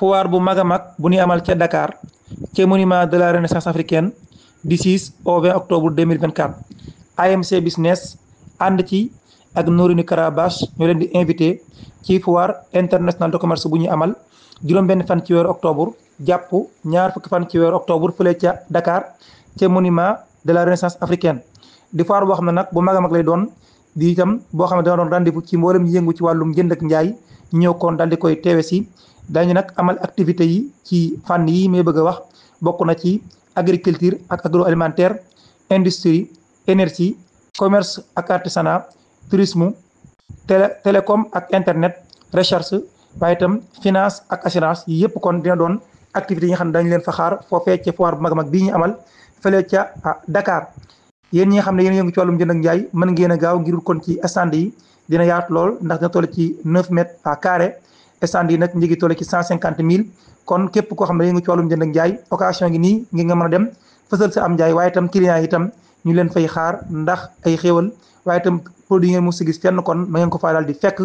foire bu mag a mag bu ñuy amal ca dakaar ce monument de la renaissance africaine di 6 au 20 octobre 2024 AMC business ànd ci ak Nourine Karabash ñoo leen di invité ci foire international de commerce bu ñuy amal juróom-benn fan ci weeru octobre jàpp ñaar fukki fan ci weeru octobre fële ca dakaar ca monument de la renaissance africaine di foire boo xam ne nag bu mag a mag lay doon di itam boo xam ne dana doon rendez ci mboolem yëngu ci wàllum jënd ak njaay ñoo daal di koy teewe si dañu nag amal activité yi ci fànn yi may bëgg a wax bokk na ci agriculture ak agro alimentaire industrie énergie commerce ak artisanat tourisme télé télécom ak internet recherche waaye itam finance ak assurance yi yëpp kon dina doon activités yi nga xam ne dañu leen fa xaar foofee ca foire bu mag mag bii ñu amal fële ca ah, Dakar yéen ñi nga xam ne yéen yëngu ci wàllum jënd ak njaay mën ngeen a gaaw ngir kon ci stand yi dina yaat lool ndax dina toll ci 9 mètres à carré stand yi nag njëgi toll ci cent cinquante mille kon képp koo xam ne yëngu ci wàllum jënd ak njaay occasion ngi nii ngi nga mën a dem fësal sa am njaay waaye itam client yi itam ñu leen fay xaar ndax ay xéewal waaye tam produit ngeen mos a gis fenn kon ma ngeen ko faa daal di fekk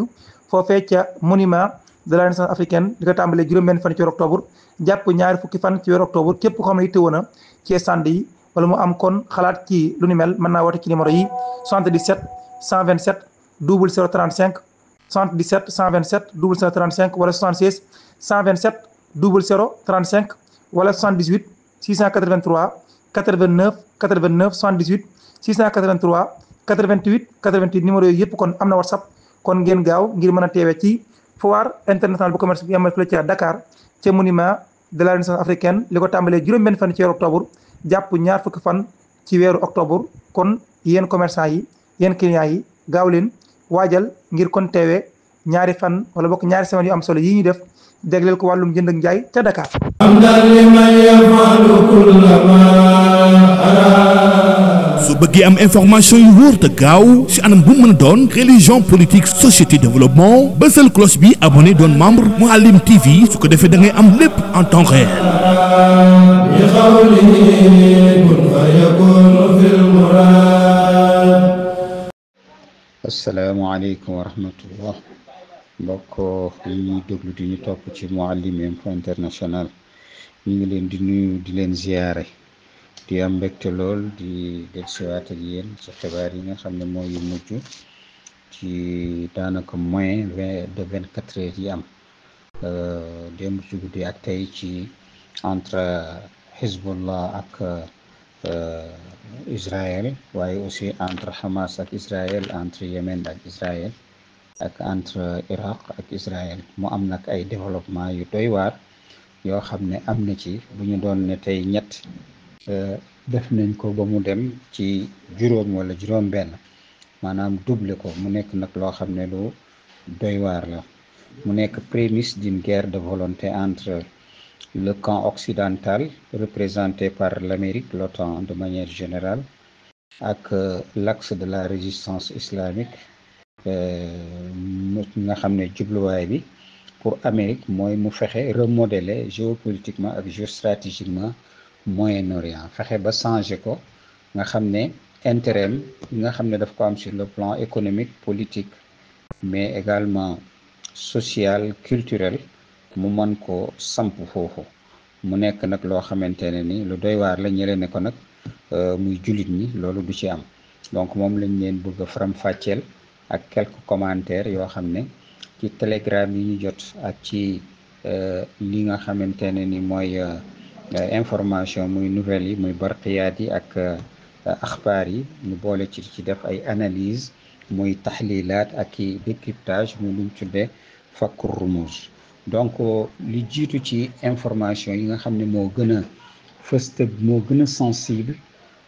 foofee ca monument de la renaissance africaine di ko tàmbalee juróom-benn fan ci weeru octobre jàpp ñaari fukki fan ci weeru octobre képp koo xam ne yittewoo na ci stand yi wala mu am kon xalaat ci lu ni mel mën naa woote ci numéro yi 77 127 0035 77 127 535 wala 76 127 00 35 wala 78 683 89 89 78 683 88 88 numéro yooyu yëpp kon am na whatsapp kon ngeen gaaw ngir mën a teewee ci foire internationale bu commerce bi amal fële ca Dakar ca monument de la renaissance africaine li ko tàmbalee juróom-benn fan ci weeru octobre jàpp ñaar fukki fan ci weeru octobre kon yéen commerçant yi yéen clients yi gaaw leen. waajal ngir kon teewee ñaari fan wala bokk ñaari semaine yu am solo yi ñu def dégleel ko wàllum jënd ak njaay ca Dakar su bëggee am information yu wóor te gaaw si anam bu mën a doon religion politique société développement bësal cloche bi abonné doon membre Mouhalim TV su ko defee da ngay am lépp en temps réel asalaamaaleykum wa rahmatullah mbokk yi ñuy déglu ñu topp ci Mouhalim Info International ñu ngi leen di nuyu di leen ziyaare di am mbégte lool di dellusiwaat ak yéen ci xibaar yi nga xam ne mooy yu mujj ci daanaka moins vingt de vingt quatre heures yi am euh, démb ci guddi ak tey ci entre Hezbollah ak. Euh, Israël waaye aussi entre Hamas ak Israël entre Yémen ak Israël ak entre Irak ak Israël mu am nag ay développement yu doy yoo xam ne am na ci bu ñu doon ne tey ñett euh, def nañ ko ba mu dem ci juróom wala juróom benn maanaam double ko mu nekk nag loo xam ne lu doywaar waar la mu nekk prémisse d'une guerre de volonté entre le camp occidental représenté par l'Amérique, l'OTAN de manière générale, ak euh, l'axe de la résistance islamique euh, nga xam ne jubluwaay bi pour Amérique mooy mu fexe remodeler géopolitiquement ak géostratégiquement Moyen-Orient fexe ba changer ko nga xam ne intérêt yi nga xam ne daf ko am sur le plan économique politique mais également social culturel mu mën ko samp foofu mu nekk nag loo xamante ne ni lu doy waar la ñële ne ko nag euh, muy julit ñi loolu du ci am donc moom lañ leen bëgg a faram-fàcceel ak quelques commentaires yoo xam ne ci telegram yi ñu jot ak ci euh, li nga xamante ne ni mooy euh, information muy nouvelles yi muy barqiyaat yi ak axbaar yi ñu boole ci ci def ay analyse muy taxlilaat ak i décryptage muy luñ tuddee fakkur rumuz donc li jiitu ci information yi nga xam ne moo gën a fës moo gën a sensible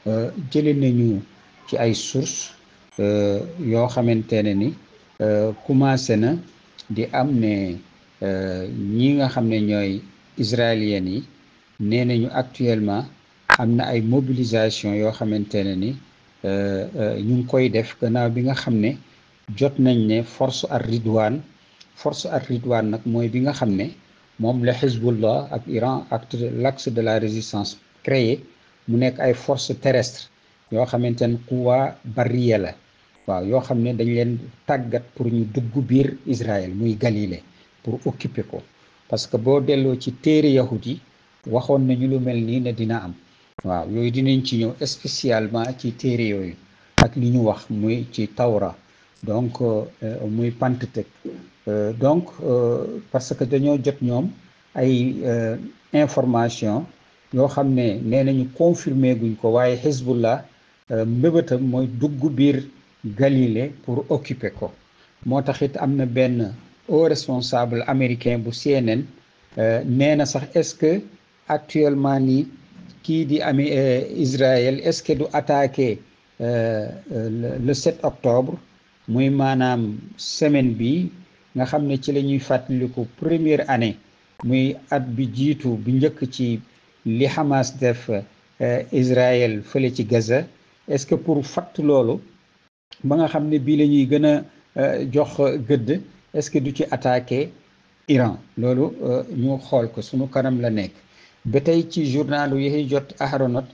euh, jële nañu ci ay source euh, yoo xamante ne ni euh, commencé na di am ne ñi nga xam ne ñooy israéliens yi nee nañu actuellement am na ay mobilisation yoo xamante ne ni ñu ngi koy def gannaaw bi nga xam ne jot nañ ne force ar ridwaan force ak ridwaan nag mooy bi nga xam ne moom la Hezbollah ak Iran ak l'axe de la résistance créé mu nekk ay force terrestres yoo xamante ne quwa barriya la waaw yoo xam ne dañ leen tàggat pour ñu dugg biir Israël muy Galilée pour occuper ko parce que boo delloo ci téere yahud yi waxoon nañu lu mel nii ne dina am waaw yooyu dinañ ci ñëw spécialement ci téere yooyu ak li ñu wax muy ci Tawra donc euh, muy Pantetec euh, donc euh, parce que dañoo jot ñoom ay information yoo xam ne nee nañu confirmé guñ ko waaye Hezbollah mbébétam mooy dugg biir Galilée pour occuper ko moo tax it am na benn haut responsable américain bu CNN nee na sax est-ce que actuellement nii kii di ami Israël est-ce que du attaqué le 7 octobre muy maanaam semaine bi nga xam ne ci la ñuy fàttaliku première année muy at bi jiitu bu njëkk ci li Hamas def eh, Israël fële ci Gaza est-ce que pour fatt loolu ba nga xam ne bii la ñuy gën a eh, jox gëdd est-ce que du ci attaqué Iran loolu eh, ñu xool ko sunu kanam la nekk ba tey ci journalu yi jot Aharonot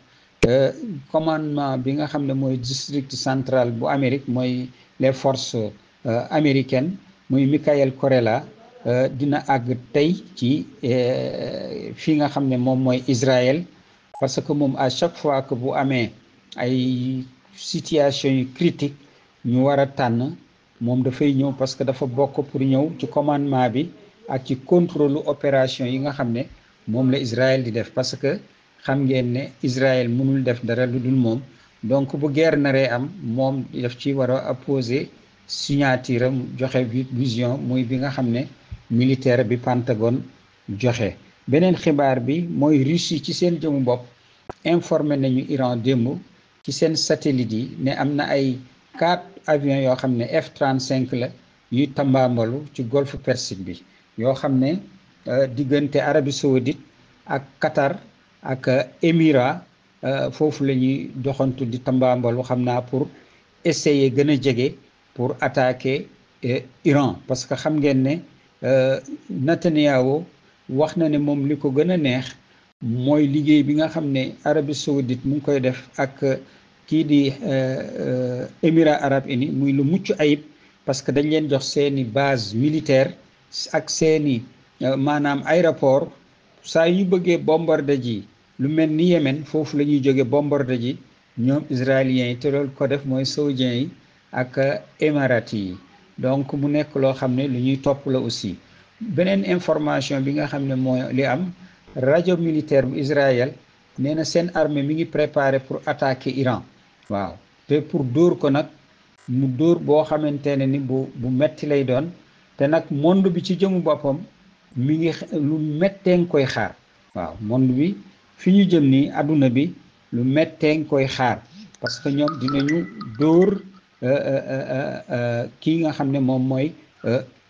commandement bi nga xam ne mooy district central bu Amérique mooy. les force euh, américaine muy Michael Corella euh, dina àgg tey ci euh, fi nga xam ne moom mooy Israël parce que moom à chaque fois que bu amee ay situation yu critique ñu war a tànn moom dafay ñëw parce que dafa bokk pour ñëw ci commandement bi ak ci contrôle opération yi nga xam ne moom la Israël di def parce que xam ngeen ne Israël mënul def dara lu dul moom donc bu guerre naree am moom daf ci war a apposer signature am joxe vision muy bi nga xam ne militaire bi Pentagone joxe beneen xibaar bi mooy Russie ci seen jëmu bopp informé nañu Iran démb ci seen satellite yi ne am na ay quatre avions yoo xam ne F-35 la yuy tambaambalu ci golfe Persique bi yoo xam ne euh, diggante Arabie Saoudite ak Qatar ak euh, Émirats Euh, foofu la ñuy doxantu di tambaambalu xam naa pour essayer gën a jege pour attaquer euh, Iran parce que xam ngeen ne euh, Netanyahu wax na ne moom li ko gën a neex mooy liggéey bi nga xam ne Arabie Saoudite mu ngi koy def ak kii di Émirats Arabes Unis muy lu mucc ayib parce que dañ leen jox seeni base militaire ak seeni maanaam aéroport saa yu bëggee bombarde ji lu mel ni Yémen foofu la ñuy jóge bombardé ji ñoom israéliens yi te loolu ko def mooy saoudiens yi ak émirats yi donc mu nekk loo xam ne lu ñuy topp la aussi beneen information bi nga xam ne mooy li am rajo militaire bu Israël nee na seen armée mi ngi préparé pour attaquer Iran waaw te pour dóor ko nag mu dóor boo xamante ne ni bu bu metti lay doon te nag monde bi ci jëmu boppam mi ngi lu mettee nga koy xaar waaw monde bi fi ñu jëm nii àdduna bi lu mettee nga koy xaar parce que ñoom dinañu dóor euh, euh, euh, kii nga xam ne moom mooy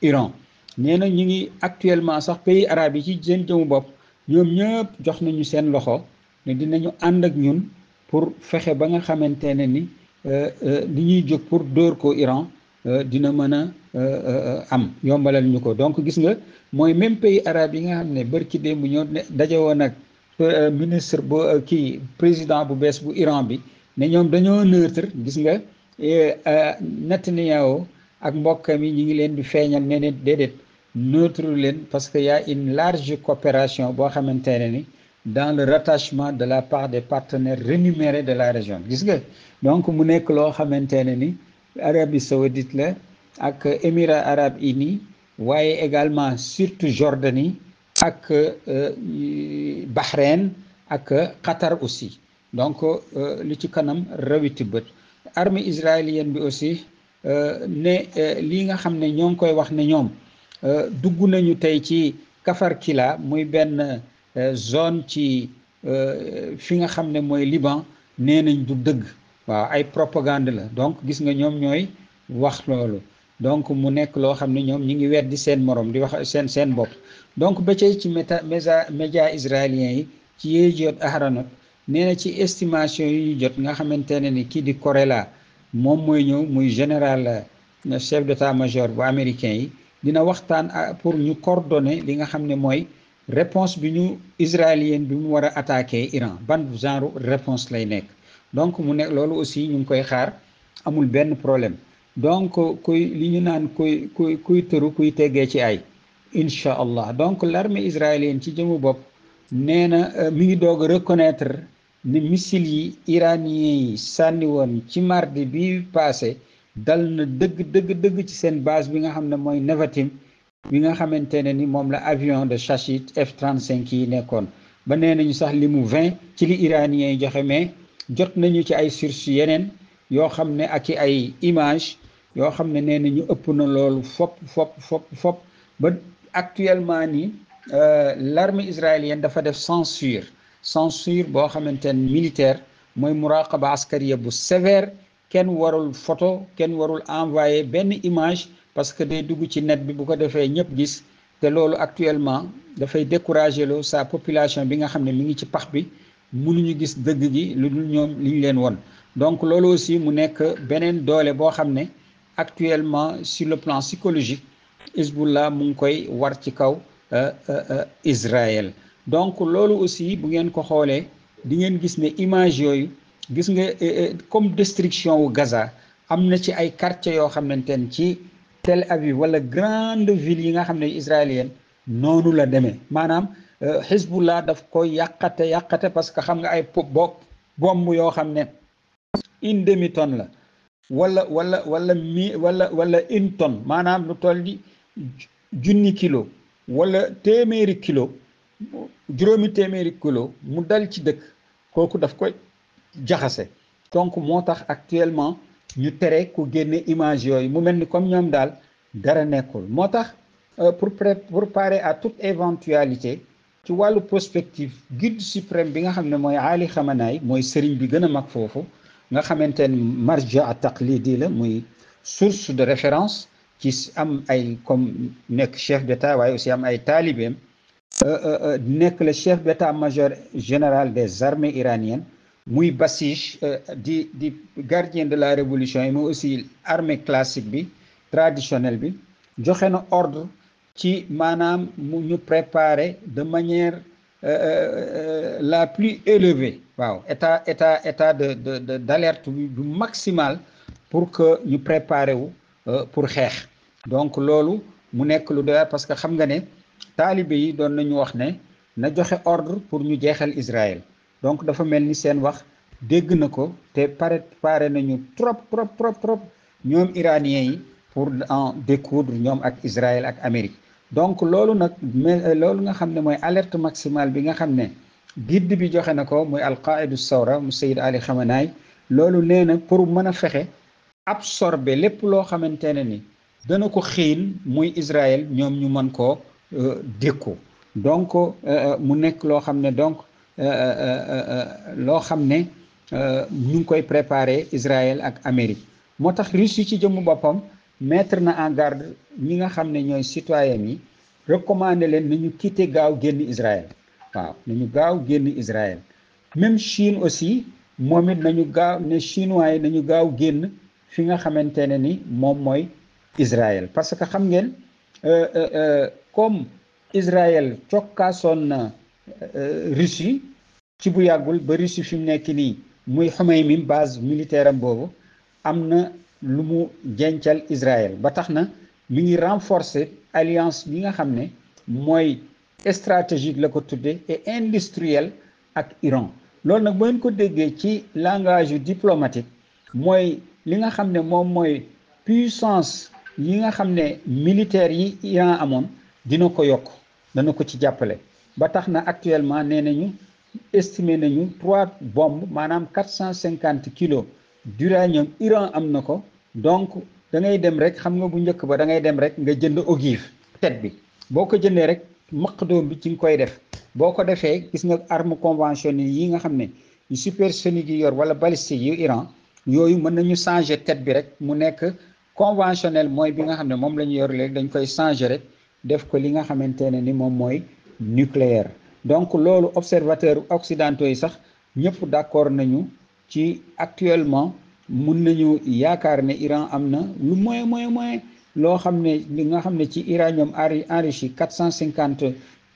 Iran nee na ñu ngi actuellement sax pays arab yi ci seen jëmu bopp ñoom ñëpp jox nañu seen loxo ne dinañu ànd ak ñun pour fexe ba nga xamante ne ni li ñuy jóg pour dóor ko Iran dina mën a am yombalal ñu ko donc gis nga mooy même pays arab yi nga xam ne bërki démb ñoo daje woon nag Euh, ministre bu euh, kii président bu bees bu Iran bi ne ñoom dañoo neutre gis nga euh, Netanyahu ak mbokkam yi ñu ngi leen di feeñal ne ne déedéet neutre leen parce que y une large coopération boo xamante ne ni dans le rattachement de la part des partenaires rémunérés de la région gis nga donc mu nekk loo xamante ne ni Arabie saoudite la ak Émirats arabes unis waaye également surtout Jordanie ak euh, euh, Bahreïn ak Qatar aussi donc euh, li ci kanam rawiti bët armée israélienne bi aussi ne lii nga xam ne ñoo ngi koy wax ne ñoom dugg nañu tey ci kila muy benn zone ci fi nga xam ne mooy Liban nee nañ du dëgg waaw ay propagande la donc gis nga ñoom ñooy wax loolu donc mu nekk loo xam ne ñoom ñi ngi di seen morom di wax seen seen bopp donc ba tey ci méta média israélien yi ci yee jot Aharonot nee ci estimation yi ñu jot nga xamante ne ni kii di Corella moom mooy ñëw muy général euh, chef d'état-major bu américain yi dina waxtaan ah, pour ñu coordonner li nga xam ne mooy réponse bi ñu israélienne bi mu war a attaquer Iran ban genre réponse lay nekk donc mu nekk loolu aussi ñu ngi koy xaar amul benn problème donc kuy li ñu naan kuy kuy kuy tëru kuy teggee ci ay incha allah donc l'armée israélienne ci jëmu bopp nee na euh, mi ngi doog a reconnaître ni missile yi iranien yi sànni woon ci mardi bi passé dal na dëgg dëgg dëgg ci seen base bi nga xam ne mooy Nevatim bi nga xamante ne ni moom la avion de Chahid F-35 yi nekkoon ba nee nañu sax li mu 20 ci li iranien yi joxe mais jot nañu ci ay sources yeneen yoo xam ne ak i ay image yoo xam ne nee nañu ëpp na loolu fop fop fop fop ba actuellement nii euh, l'armée israélienne dafa def censure censure boo xamante ne militaire mooy muraqaba askariya bu sévère kenn warul photo kenn warul envoyé benn image parce que day dugg ci net bi bu ko defee ñëpp gis te loolu actuellement dafay décourager loo sa population bi nga xam ne mu ngi ci pax bi mu ñu gis dëgg gi lu dul ñoom li leen won donc loolu aussi mu nekk beneen doole boo xam ne actuellement sur le plan psychologique Hezbollah mu ngi koy war ci kaw euh, euh, euh, Israël donc loolu aussi bu ngeen ko xoolee di ngeen gis ne image yooyu gis nga comme destruction wu Gaza am na ci ay quartiers yoo xamante ne ci tele Aviv wala grande ville yi nga xam ne israélienne noonu la demee maanaam Hezbollah daf koy yàqate yàqate parce que xam nga ay bopp bomb yoo xam ne une demi tonne la wala wala wala mi wala wala une tonne maanaam lu toll di junni kilo wala téeméeri kilo juróomi téeméeri kilo mu dal ci dëkk kooku daf ko jaxase donc moo tax actuellement ñu tere ku génne image yooyu mu mel ni comme ñoom daal dara nekkul moo tax euh, pour préparer à toute éventualité ci wàllu prospective guide suprême bi nga xam ne mooy Ali xamanaay mooy sëriñ bi gën a mag foofu nga xamante ne marja at taqlidi la muy source de référence ci am ay comme nekk chef d'état waaye aussi am ay taalibeem euh, euh, euh, nekk le chef d'état-major général des armées iraniennes muy Basij di di gardien de la révolution yi mais aussi armée classique bi traditionnel bi joxe na ordre ci maanaam mu ñu préparer de manière la plus élevée waaw état état état de de d'alerte bu maximal pour que ñu préparer wu pour xeex donc loolu mu nekk lu doy parce que xam nga ne taalibe yi doon nañu wax ne na joxe ordre pour ñu jeexal Israël donc dafa mel ni seen wax dégg na ko te pare pare nañu trop trop trop trop ñoom iraniens yi pour en découdre ñoom ak Israël ak Amérique donc loolu nag mais loolu nga xam ne mooy alerte maximale bi nga xam ne gidd bi joxe na ko muy alqaidu sawra mu Seyid Ali Khamenei loolu nee na pour mën a fexe absorber lépp loo xamante ne ni dana ko xiil muy Israël ñoom ñu mën koo euh, dékku donc euh, euh, mu nekk loo xam ne donc loo xam ne ñu ngi koy préparer Israël ak Amérique moo tax Russie ci jëmmu boppam mettre na en garde ñi nga xam ne ñooy citoyen yi recommander leen ñu quitter gaaw génn Israël waaw ñu gaaw génn Israël même Chine aussi moom it nañu gaaw ne chinois yi nañu gaaw génn fi nga xamante ne ni moom mooy Israël parce que xam ngeen euh, euh, euh, comme Israël cokkaasoon na Russie ci bu yàggul ba Russie fi mu nekk nii muy Khomeini base militaire boobu am na lu mu jencal Israël ba tax na mi ngi renforcer alliance bi nga xam ne mooy stratégique la ko tuddee et industrielle ak Iran loolu nag boo leen ko déggee ci langage diplomatique mooy li nga xam ne moom mooy puissance yi nga xam ne militaire yi Iran amoon dina ko yokk dana ko ci jàppale ba tax na actuellement nee nañu estimé nañu trois bombes maanaam quatre cent cinquante kilos d'uranium Iran am na ko donc da dem rek xam nga bu njëkk ba da ngay dem rek nga jënd ogive tet bi boo ko jëndee rek maq doom bi ci nga koy def boo ko defee gis nga arme conventionnelle yi nga xam ne yu supersonique yi yor wala balistique yu Iran yooyu mën nañu changer tet bi rek mu nekk conventionnel mooy bi nga xam ne moom la ñu yor léegi dañ koy changer rek def ko li nga xamante ne ni moom mooy nucléaire donc loolu observateur occidentaux yi sax ñëpp d'accord nañu ci actuellement mun nañu yaakaar ne Iran am na lu moyen moyen moyen loo xam ne li nga xam ne ci iran uranium enrichi quatre cent cinquante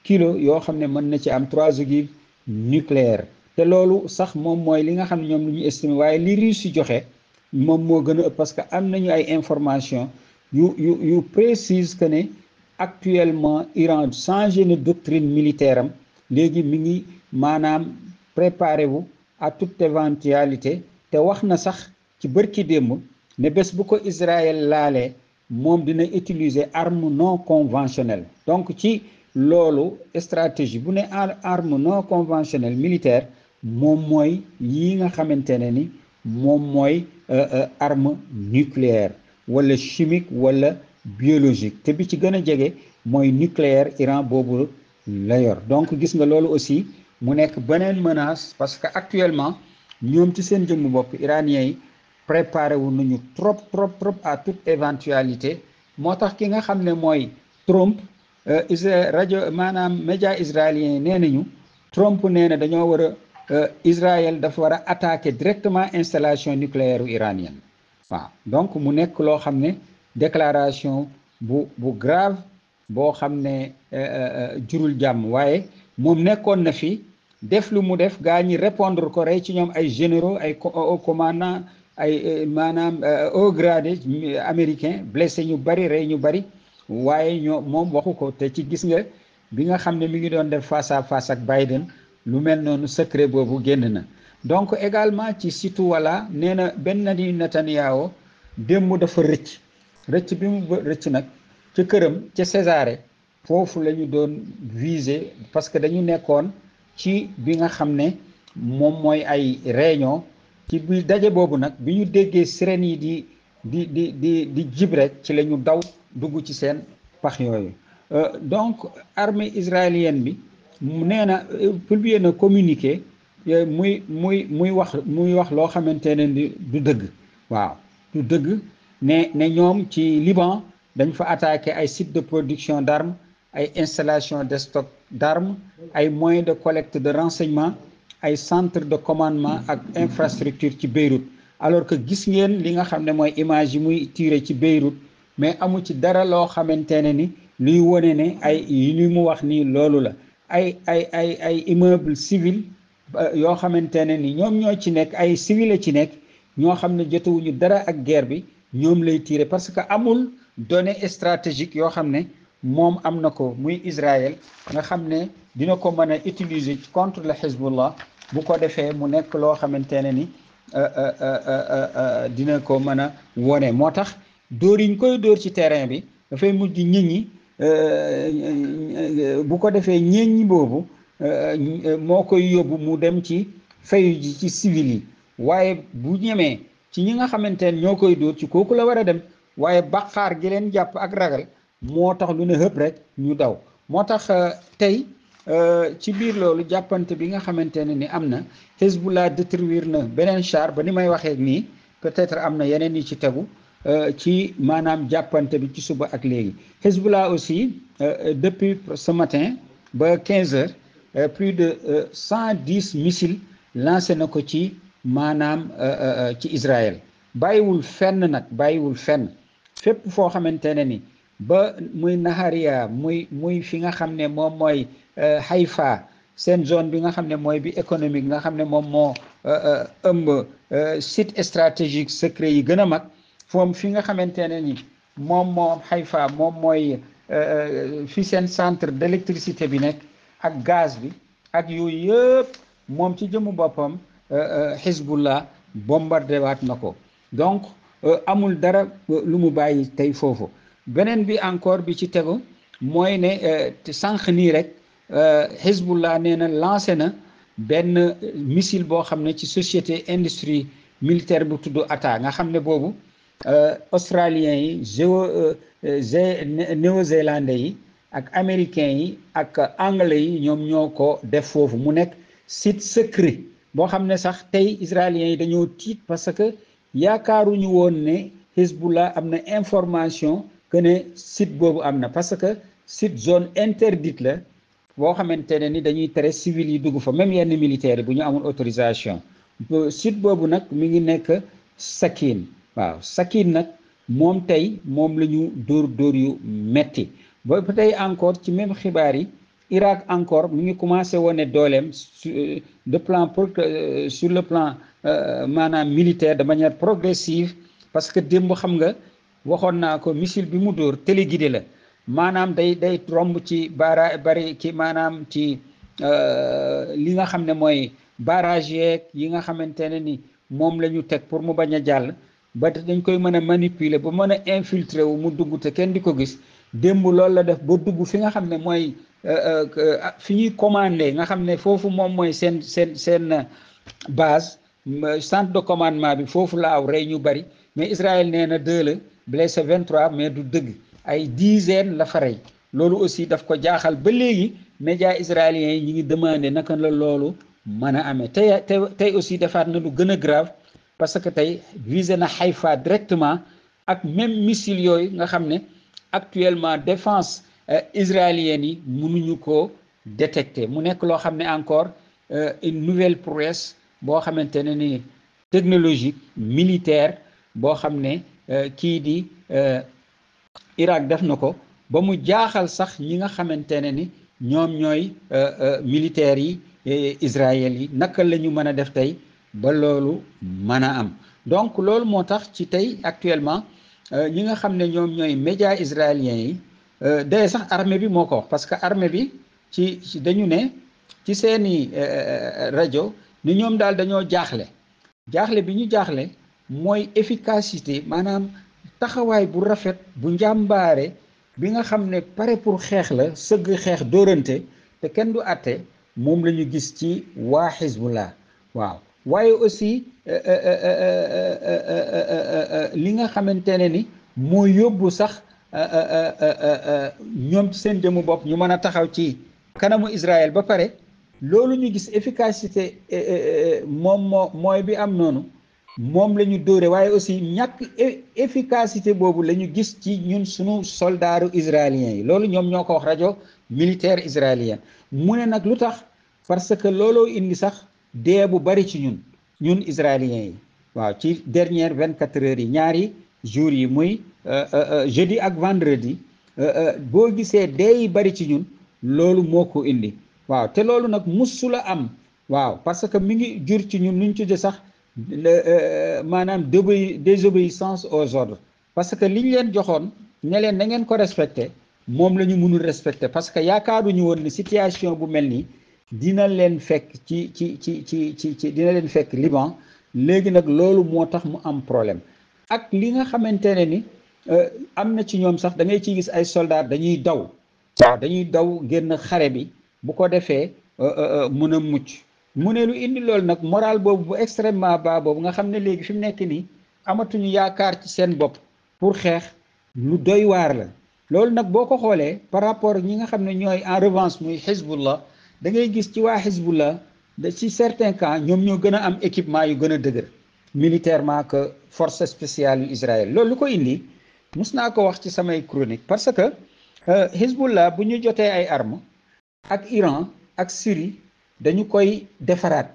kilos yoo xam ne mën na ci am trois ogives nucléaire te loolu sax moom mooy li nga xam ne ñoom lu ñu estimé waaye li Russie joxe moom moo gën a parce que am nañu ay information yu yu yu précise que ne actuellement Iran changé na doctrine militaire am léegi mi ngi maanaam préparé wu à toute éventualité te wax na sax ci bërki démb ne bés bu ko Israël laalee moom dina utiliser arme non conventionnelle donc ci loolu stratégie bu ne arme non conventionnelle militaire moom mooy yi nga xamante ne ni moom mooy Euh, euh, arme nucléaire wala chimique wala biologique te bi ci gën a jege mooy nucléaire Iran boobu la yor donc gis nga loolu aussi mu nekk beneen menace parce que actuellement ñoom ci seen jëmm bopp iranien yi préparé nañu trop trop trop à toute éventualité moo tax ki nga xam ne mooy Trump euh, is rajo maanaam média israélien nee nañu Trump nee dañoo war Euh, Israël dafa war a attaquer directement installation nucléaire iranienne waaw donc mu nekk loo xam ne déclaration bu bu grave boo xam ne euh, euh, jurul jàmm waaye moom nekkoon na fi def lu mu def gaa ñi répondre ko rey ci ñoom ay généraux ay au ay maanaam haut gradé américain blessé ñu bari rey ñu bari waaye ñoo moom waxu ko te ci gis nga bi nga xam ne mu ngi doon def face à face ak Biden lu mel noonu secret boobu génn na donc également ci situ wala nee na Benjamin Netanyahu démb dafa rëcc rëcc bi mu rëcc nag ca këram ca Césarée foofu la ñu doon viser parce que dañu nekkoon ci bi nga xam ne moom mooy ay réunion ci bi daje boobu nag bi ñu déggee sirènes yi di di di di di jib ci la ñu daw dugg ci seen pax yi euh, donc armée israélienne bi nee na publier na communiqué muy muy muy wax muy wax loo xamante ne du dëgg waaw du dëgg ne ne ñoom ci Liban dañ fa attaqué ay sites de production d'armes ay installation de stock d'armes ay moyens de collecte de renseignement ay centre de commandement ak infrastructure ci Beyrouth alors que gis ngeen li nga xam ne mooy image yi muy tiré ci Beyrouth mais amu ci dara loo xamante ne ni luy wone ne ay yi li mu wax nii loolu la ay ay ay ay immeuble civil yoo xamante ne ni ñoom ñoo ci nekk ay civil a ci nekk ñoo xam ne jotewuñu dara ak guerre bi ñoom lay tiire parce que amul données stratégiques yoo xam ne moom am na ko muy Israël nga xam ne dina ko mën a utiliser contre le Hezbollah bu ko defee mu nekk loo xamante ne ni euh, euh, euh, dina ko mën a wone moo tax dóor yi koy dóor ci terrain bi dafay mujj nit ñi Euh, bu ko defee ñeeññi boobu euh, moo koy yóbbu mu dem ci fayu ji ci civil yi waaye bu ñemee ci ñi nga xamante ne ñoo koy dóor ci kooku la war a dem waaye baqaar gi leen jàpp ak ragal moo tax lu ne hëpp rek ñu daw moo tax euh, tey ci biir loolu jàppante bi nga xamante ne ni am na Hezbollah détruire na beneen char ba ni may waxee nii peut-être am na yeneen yi ci tegu Euh, ci maanaam jàppante bi ci suba ak léegi Hezbollah aussi euh, euh, depuis ce matin ba 15 heures plus de 110 missiles lancé na ko ci maanaam ci Israël bàyyiwul fenn nag bàyyiwul fenn fépp foo xamante ne ni ba muy Naharia muy muy fi nga xam ne moom mooy Haïfa seen zone bi nga xam ne mooy bi économique nga xam ne moom moo ëmb site stratégique secret yi gën a mag foom fi nga xamante ne ni moom moom xay Haïfa moom mooy euh, euh, fi seen centre d'électricité bi nekk ak gaz bi ak yooyu yëpp moom ci jëmu boppam Hezbollah euh, bombardé waat na ko donc amul dara lu mu bàyyi tey foofu beneen bi encore bi ci tegu mooy ne sànq nii rek Hezbollah nee na lancé na benn missile boo xam ne ci société industrie militaire bu tudd Atta nga xam ne boobu Euh, australiens yi géo euh, euh, néo-zélandais yi ak américains yi ak anglais yi ñoom ñoo ko def foofu mu nekk site secret boo xam ne sax tey israéliens yi dañoo tiit parce que yaakaaruñu woon ne Hezbollah am na information que ne site boobu am na parce que site zone interdite la boo xamante ne ni dañuy tere civil yi dugg fa même yenn militaires bu ñu amul autorisation site boobu nag mi ngi nekk Sakin waaw Sakine nag moom tey moom la ñu dóor dóor yu metti ba tey encore ci même xibaar yi Irak encore mu ngi commencé wone dooleem su euh, de plan euh, sur le plan euh, maanaam militaire de manière progressive parce que démb xam nga waxoon naa ko missile bi mu dóor téléguidé la maanaam day day romb ci bara bari ci maanaam ci li nga xam ne mooy barrage yeeg yi nga xamante ne ni moom la ñu teg pour mu bañ a jàll ba te dañ koy mën a manipuler ba mën a infiltrer wu mu dugg te kenn di ko gis démb loolu la def ba dugg fi nga xam ne mooy euh, euh, fi ñuy commandé nga xam ne foofu moom mooy seen seen seen euh, base centre de commandement bi foofu la aw rey ñu bari mais Israël nee na deux la blessé vingt trois mais du dëgg ay dizaine la fa rey loolu aussi daf ko jaaxal ba léegi médias israéliens yi ñu ngi demander naka la loolu mën a amee tey tey aussi defaat na lu gën a grave parce que tey visé na Haïfa directement ak même missile yooyu nga xam ne actuellement défense euh, israélienne yi mënuñu ko détecter mu nekk loo xam ne encore euh, une nouvelle prouesse boo xamante ne ni technologie militaire boo xam ne euh, kii di Irak def na ko ba mu jaaxal sax ñi nga xamante ne ni ñoom ñooy militaires yi israéliens yi naka la ñu mën a def tey ba loolu mën a am donc loolu moo tax ci tey actuellement euh, ñi nga xam ne ñoom ñooy médias israéliens yi euh, day sax armée bi moo ko wax parce que armée bi ci dañu ne ci seeni euh, rajo ni ñoom daal dañoo jaaxle jaaxle bi ñu jaaxle mooy efficacité maanaam taxawaay bu rafet bu njàmbaare bi nga xam ne pare pour xeex la sëgg xeex dóorante te kenn du àtte moom la ñu gis ci waa Hezbollah waaw waaye aussi li nga xamante ne ni moo yóbbu sax ñoom ci seen jëmu bopp ñu mën a taxaw ci kanamu Israël ba pare loolu ñu gis efficacité moom moo mooy bi am noonu moom la ñu dóore waaye aussi ñàkk efficacité boobu la ñu gis ci ñun suñu soldaaru israéliens yi loolu ñoom ñoo ko wax rajo militaire israélien mu ne nag lu tax parce que looloo indi sax dee bu bari ci ñun ñun israéliens yi waaw ci dernière vingt quatre heures yi ñaari jours yi muy euh, euh, euh, jeudi ak vendredi boo gisee dee yi bari ci ñun loolu moo ko indi waaw te loolu nag musula am waaw parce que mu ngi jur ci ñun nuñ tudde sax maanaam désobé désobéissance aux ordres parce que liñ leen joxoon ne leen na ngeen ko respecté moom la ñu mënul respecté parce que yaakaaruñu woon ni situation bu mel nii dina leen fekk ci ci ci ci ci ci dina leen fekk Liban léegi nag loolu moo tax mu am problème ak li nga xamante ne ni euh, am na ci ñoom sax da ngay ciy gis ay soldats dañuy daw waaw dañuy daw génn xare bi bu ko defee euh, euh, mën a mucc mu lu indi loolu nag moral boobu bu extrêmement bas boobu nga xam ne léegi fi mu nekk nii amatuñu yaakaar ci seen bopp pour xeex lu doy waar la loolu nag boo ko xoolee par rapport ñi nga xam ne ñooy en revanche muy Hezbollah da ngay gis ci waa Hezbollah de ci certains cas ñoom ñoo gën a am équipement yu gën a dëgër militairement que force spéciale yu loolu lu ko indi mus naa ko wax ci samay chronique parce que Hezbollah euh, bu ñu jotee ay armes ak Iran ak Syrie dañu koy defaraat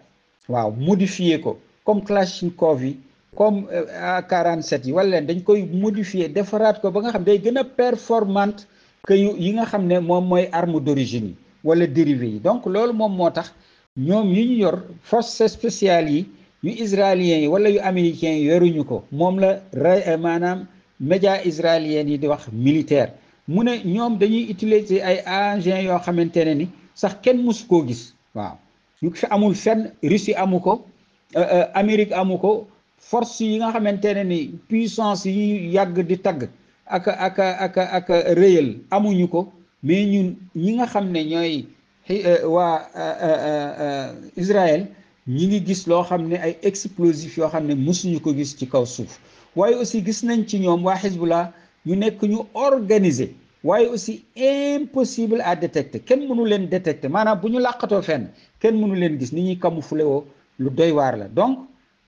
waaw modifier ko comme Kalachnikov yi comme euh, AK-47 yi wala leen dañ koy modifier defaraat ko ba nga xam day gën a performante que yu yi nga xam ne moom mooy arme d'origine yi wala dérivé yi donc loolu moom moo tax ñoom yi ñu yor force spéciale yi yu israéliens yi wala yu américains yi yoruñu ko moom la euh, maanaam média israéliens yi di wax militaire mu ne ñoom dañuy utiliser ay engins yoo xamante ne ni sax kenn mosu koo gis waaw yu fi amul fenn Russie amu ko euh, euh, Amérique amu ko force yi nga xamante ne ni puissance yi yàgg di tagg ak ak ak ak rëyal amuñu ko mais ñun ñi nga xam ne ñooy eh, eh, waa eh, Israël ñi ngi gis loo xam ne ay explosifs yoo xam ne mosuñu ko gis ci kaw suuf waaye aussi gis nañ ci ñoom waa Hezbollah ñu nekk ñu organisé waaye aussi impossible à détecter kenn mënu leen détecter maanaam bu ñu làqatoo fenn kenn mënu leen gis ni ñuy camouflé woo lu doy waar la donc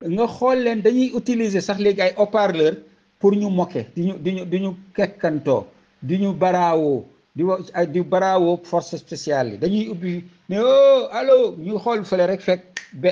nga xool leen dañuy utiliser sax léegi ay haut-parleur pour ñu moquer di ñu di ñu di ñu kekkantoo di ñu baraawoo di wa di baraawoo force spéciale yi dañuy ubbi ne oh allo ñu xool fële rek fekk be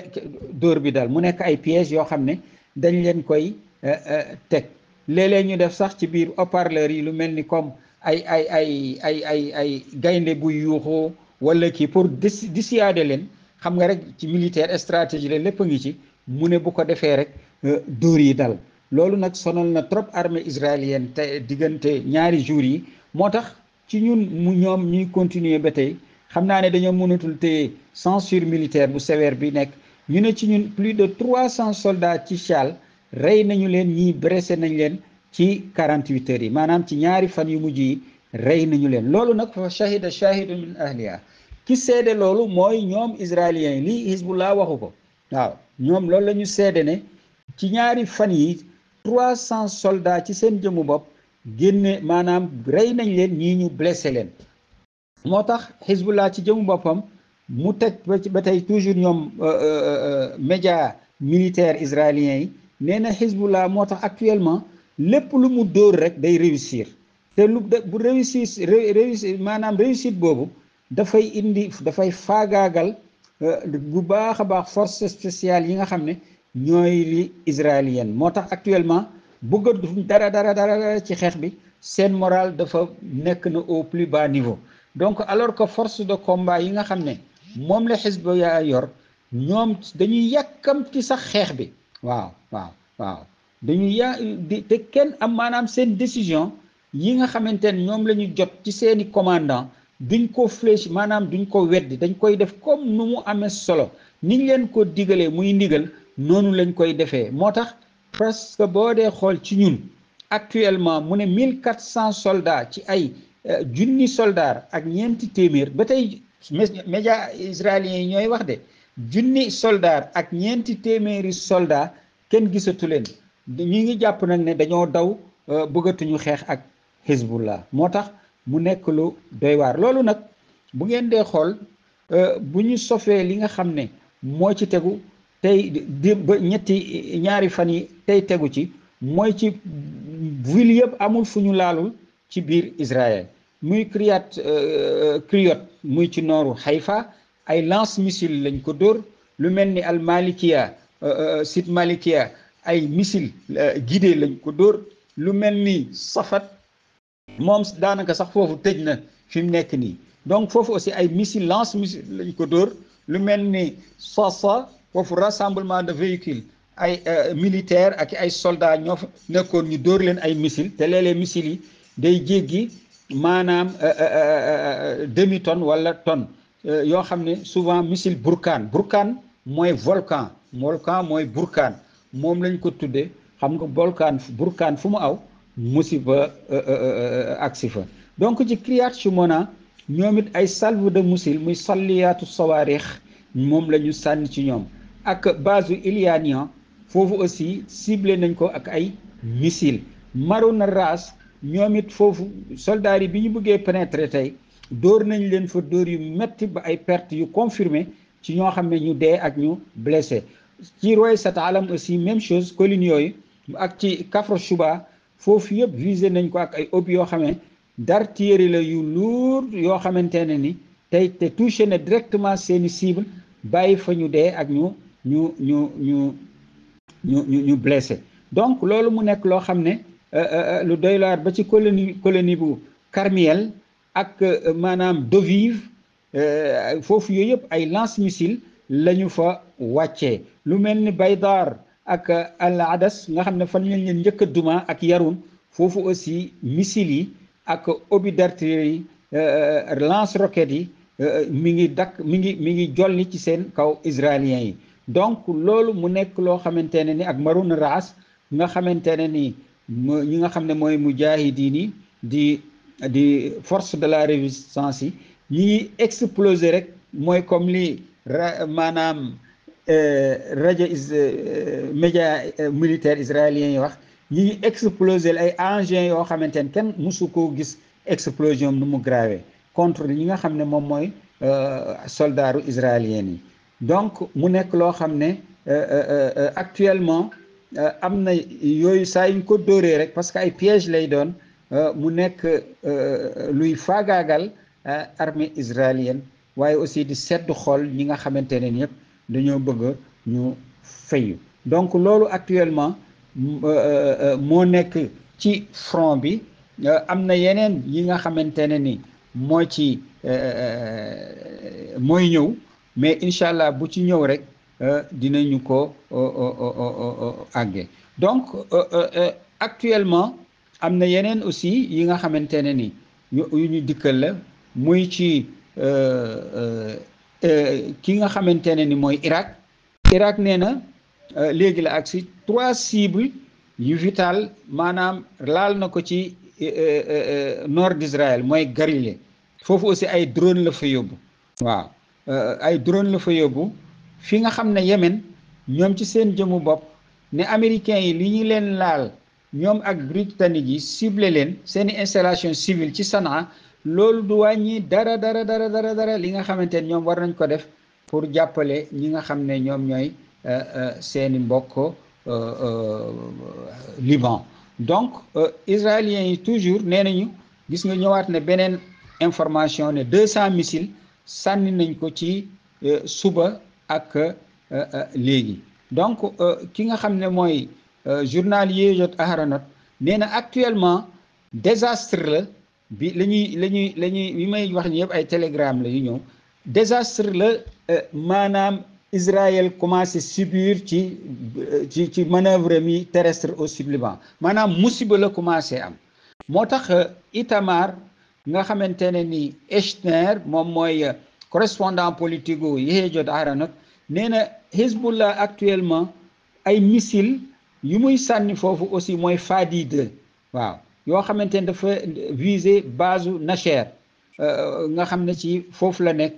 dóor bi dal mu nekk ay pièges yoo xam ne dañ leen koy eh, eh, teg léeg ñu def sax ci biir haut yi lu mel ni comme ay ay ay ay ay ay gaynde buy yuuxu wala kii pour dis dissuader leen xam nga rek ci militaire stratégie la lépp a ngi ci mu ne bu ko defee rek eh, dóor yi dal loolu nag sonal na trop armée israélienne te diggante ñaari jours yi moo tax. ci ñun mu ñoom ñuy continuer ba tey xam naa ne dañoo mënatul téye censure militaire bu sévère bi nekk ñu ne ci ñun plus de trois cent soldats ci Tchad rey nañu leen ñii brese nañ leen ci quarante huit yi maanaam ci ñaari fan yu mujj yi rey nañu leen loolu nag fa shahida shahidun min ahliha ki seede loolu mooy ñoom israéliens yi lii Hezbollah waxu ko waaw ñoom loolu lañu ñu seede ne ci ñaari fan yi trois cent soldats ci seen jëmu bopp génne maanaam rey nañ leen ñii ñu blessé leen moo tax xisbullah ci jëmu boppam mu teg ba tey toujours ñoom euh, euh, euh, média militaire israélien yi nee na xisbullah moo tax actuellement lépp lu mu dóor rek day réussir te lu bu réussir réussir maanaam réussite boobu dafay indi dafay faagaagal bu baax a baax force spéciale yi nga xam ne ñooy li israélienne moo tax actuellement bëggatuñ dara dara dara ci xeex bi seen moral dafa nekk na au plus bas niveau donc alors que force de combat yi nga xam ne moom la xisba yaa yor ñoom dañuy yàkkam yàkkamti sax xeex bi waaw waaw waaw dañuy ya di te kenn am maanaam seen décision yi nga xamante ne ñoom la ñu jot ci seeni commandant duñ ko flèche maanaam duñ ko weddi dañ koy def comme nu mu amee solo niñ leen ko digalee muy ndigal noonu lañ koy defee moo tax parce que boo dee xool ci ñun actuellement mu ne mille quatre cent soldats ci ay euh, junni soldats ak ñeenti téeméer ba tey média israélien yi ñooy wax de junni soldats ak ñeenti téeméeri soldats kenn gisatu leen ñu ngi jàpp nag ne dañoo daw euh, bëggatuñu xeex ak Hezbollah moo tax mu nekk lu doy waar loolu nag bu ngeen dee xool euh, bu ñu sofee li nga xam ne moo ci tegu tey di ba ñetti ñaari fan yi tey tegu ci mooy ci ville yëpp amul fu ñu laalu ci biir Israël muy Kiryat euh, Kriyot muy ci nooru xayfa ay lance missile lañ ko dóor lu mel ni al Malikia euh, euh, site ay missile guidé lañ ko dóor lu mel ni Safat moom daanaka sax foofu tëj na fi mu nekk nii donc foofu aussi ay missile lance missile lañ ko dóor lu mel ni Sosa foofu rassemblement de véhicules ay euh, militaires ak ay soldats ñoo fa nekkoon ñu dóor leen ay missiles te léeg-léeg yi day jéggi maanaam euh, euh, demi tonne wala tonne yoo xam ne souvent missile burkaan burkaan mooy volcan volcan mooy burkaan moom lañ ko tuddee xam nga volcan burkaan fu mu aw musiba agsi fa donc ci Kiryat Shimona ñoom it ay salve de missile muy salliyaatu sawaarix moom la ñu sànni ci ñoom ak base Iliania foofu aussi ciblé nañ ko ak ay missile Maruna Ras ñoom it foofu soldats yi bi ñu bëggee pénétrer tey dóor nañ leen fa dóor yu metti ba ay pertes yu confirmé ci ñoo xam ne ñu dee ak ñu blessé ci Roy Satalam aussi même chose collines yooyu ak ci Kafr Shuba foofu yëpp visé nañ ko ak ay ob yoo xam ne d'artillerie la yu lourd yoo xamante ne ni tey te touché na directement seeni cible bàyyi fa ñu dee ak ñu ñu ñu ñu ñu ñu ñu blessé donc loolu mu nekk loo xam ne euh, euh, euh, lu doy ba ci colonie bu carmielle ak maanaam Doviv foofu yooyu yëpp ay lance missile la ñu fa wàccee lu mel ni Baydar ak Al ades nga xam ne fan lañ leen njëkk a duma ak Yarun foofu aussi missiles yi ak obus d'artillerie lance roquettes yi mi ngi dakk mi ngi mi ngi jolli ci seen kaw israéliens yi donc loolu mu nekk loo xamante ne ni ak maruna raas nga xamante ne ni ñi nga xam ne mooy mujaahidiin yi di di force de la résistance yi ñi ngi exploser rek mooy comme lii maanaam euh, rajo is euh, média euh, militaire israélien yi wax ñi ngi exploser ay engins yoo xamante ne kenn musu koo gis explosion nu mu grave contre ñi nga xam ne moom mooy soldaaru israélien yi donc mu nekk loo xam ne euh, euh, euh, actuellement am na yooyu saa yuñ ko dóoree rek parce que ay piège lay doon mu nekk luy faagaagal armée israélienne waaye aussi di sedd xool ñi nga xamante ne ñëpp dañoo bëgg ñu fayu donc loolu actuellement moo nekk ci front bi am na yeneen yi nga xamante ne nii moo ci mooy ñëw mais incha allah bu ci ñëw rek dinañu ko àggee donc actuellement am na yeneen aussi yi nga xamante ne ni ñu yu ñu dikkal la muy ci ki nga xamante ne ni mooy Irak Irak nee na léegi la ak si trois cibles yu vital maanaam laal na ko ci nord d'Israël mooy Galilée foofu aussi ay drone la fa yóbbu waaw Euh, ay drone la fa yóbbu fi nga xam ne Yémen ñoom ci seen jëmu bopp ne américains yi li ñu leen laal ñoom ak britannique yi ciblé leen seen installation civile ci Sanaa loolu du wàññi dara dara dara dara li nga xamante ne ñoom war nañ ko def pour jàppale ñi nga xam ne ñoom ñooy euh, euh, seeni mbokk Liban donc israéliens yi toujours nee nañu gis nga ñëwaat ne beneen information ne deux cent missile sànni nañ ko ci euh, suba ak euh, euh, léegi donc ki nga xam ne mooy journal Yediot jot nee na actuellement désastre la bi la ñuy la ñuy la ñuy bi may wax ni yëpp ay télégramme la yu ñëw désastre la maanaam Israël commencé subir ci ci ci manœuvre mi terrestre au sud Liban maanaam musiba la commencé am moo tax Itamar nga xamante ne ni Echner moom mooy correspondant politique gu Yehiye Aronot nee na Hezbollah actuellement ay missile yu muy sànni foofu aussi mooy Fadi waaw yoo xamante ne dafa viser base u Nasher euh, nga xam ne ci foofu la nekk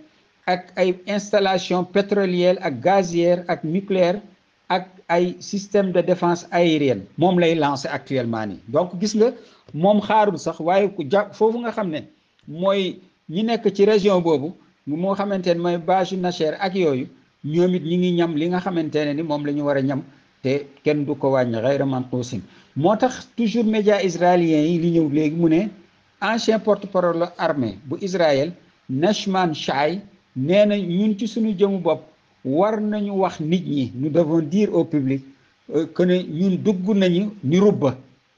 ak ay installation pétrolière ak gazière ak nucléaire ak ay système de défense aérienne moom lay lancer actuellement ni donc gis nga moom xaarul sax waaye ku ja foofu nga xam ne mooy ñi nekk ci région boobu moo xamante ne mooy bâche nachaire ak yooyu ñoom it ñi ngi ñam li nga xamante ne ni moom la ñu war a ñam te kenn du ko wàññi xayra manqusin moo tax toujours média israélien yi li ñëw léegi mu ne ancien porte-parole armée bu Israël Nachman Shay nee na ñun ci suñu jëmu bopp war nañu wax nit ñi nous devons dire au public euh, que ne ñun dugg nañu ni rubba